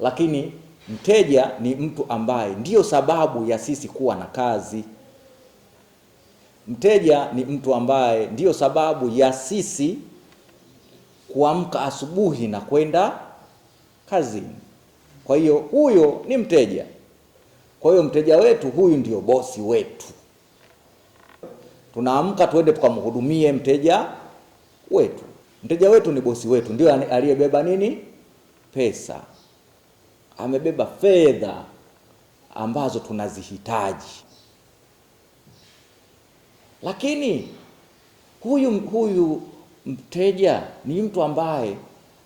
lakini mteja ni mtu ambaye ndiyo sababu ya sisi kuwa na kazi. Mteja ni mtu ambaye ndiyo sababu ya sisi kuamka asubuhi na kwenda kazini. Kwa hiyo huyo ni mteja. Kwa hiyo mteja wetu huyu ndio bosi wetu, tunaamka tuende tukamhudumie mteja wetu. Mteja wetu ni bosi wetu, ndio aliyebeba nini, pesa amebeba fedha ambazo tunazihitaji, lakini huyu huyu mteja ni mtu ambaye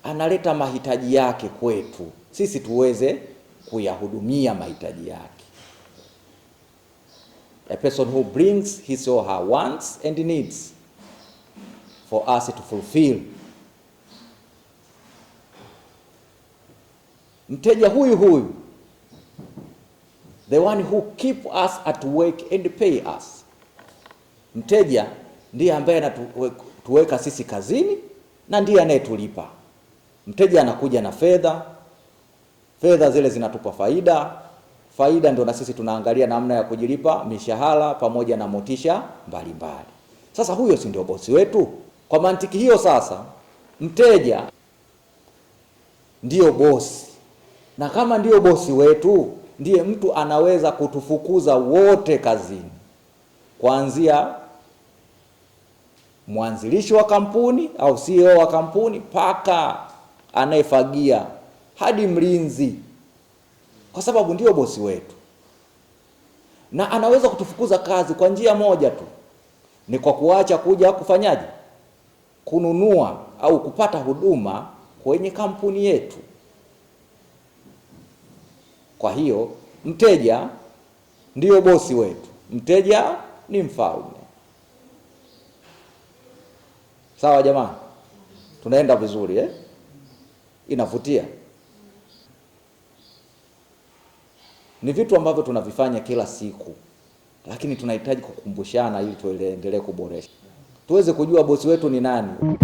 analeta mahitaji yake kwetu sisi tuweze kuyahudumia mahitaji yake. A person who brings his or her wants and needs for us to fulfill mteja huyu huyu, the one who keep us at work and pay us. Mteja ndiye ambaye anatuweka sisi kazini na ndiye anayetulipa. Mteja anakuja na fedha, fedha zile zinatupa faida, faida ndio na sisi tunaangalia namna ya kujilipa mishahara pamoja na motisha mbalimbali. Sasa huyo si ndio bosi wetu? Kwa mantiki hiyo sasa, mteja ndiyo bosi na kama ndiyo bosi wetu, ndiye mtu anaweza kutufukuza wote kazini, kuanzia mwanzilishi wa kampuni au CEO wa kampuni mpaka anayefagia hadi mlinzi, kwa sababu ndiyo bosi wetu, na anaweza kutufukuza kazi kwa njia moja tu, ni kwa kuacha kuja kufanyaje, kununua au kupata huduma kwenye kampuni yetu. Kwa hiyo mteja ndiyo bosi wetu, mteja ni mfalme. Sawa jamani, tunaenda vizuri eh? Inavutia. Ni vitu ambavyo tunavifanya kila siku, lakini tunahitaji kukumbushana ili tuendelee kuboresha, tuweze kujua bosi wetu ni nani.